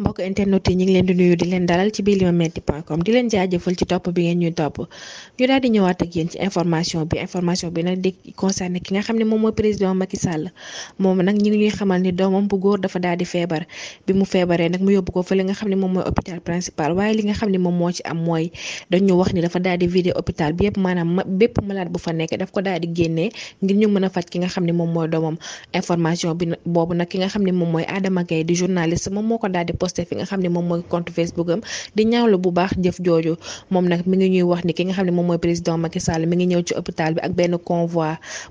mbokk internet yi ñu ngi leen di leen dalal ci biir limametti point com di leen jaajëfal ci topp bi ngeen ñuy topp ñu daal di ñëwaat ak yéen ci information bi information bi nag ñu ko fa li nga xam ne moom mooy hôpital moo ci am mooy dañu wax ni dafa daal di vidé hôpital bi yëpp maanaam bépp malade bu fa nekk daf ko daal di génnee ngir ñu mën a faj ki nga xam ne moom mooy doomam information boobu nag ki nga xam ne moom mooy Adama Gaye di journaliste moom moo ko daal di posté fi nga xam ne moom mooy compte Facebook am di ñaawlu bu baax jëf jooju moom nag mi ngi ñuy wax ni ki nga xam ne moom mooy président Macky Sall mi ngi ñëw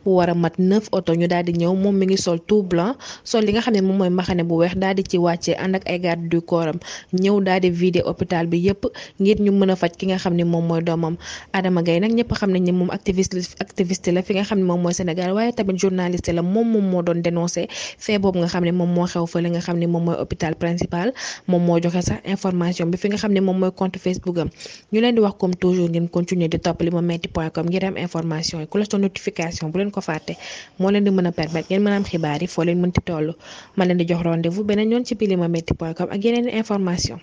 bu a mat neuf oto ñu daal moom mi ngi sol tout blanc sol li nga xam ne moom mooy maxane bu weex daal di ci wàccee ànd ak ay du corps ñëw daal di vider hôpital bi yépp ngir ñu mën a faj ki nga xam ni moom mooy doomam Adama Gaye nag ñëpp xam nañ ne moom activiste activiste la fi nga xam ne moom mooy Sénégal waaye tamit journaliste la moom moom moo doon dénoncé fee boobu nga xam ne moom moo xew fa li nga xam ne moom mooy hôpital principal moom moo joxe sax information bi fi nga xam ne moom mooy compte Facebook am ñu leen di wax comme toujours ngeen continuer di topp limametti point com ngir am information yi cloche de notification bu leen ko fàtte moo leen di mën a permettre ngeen mën a am xibaar yi foo leen mën ti toll ma leen di jox rendez-vous beneen yoon ci biir limametti point com ak yeneen information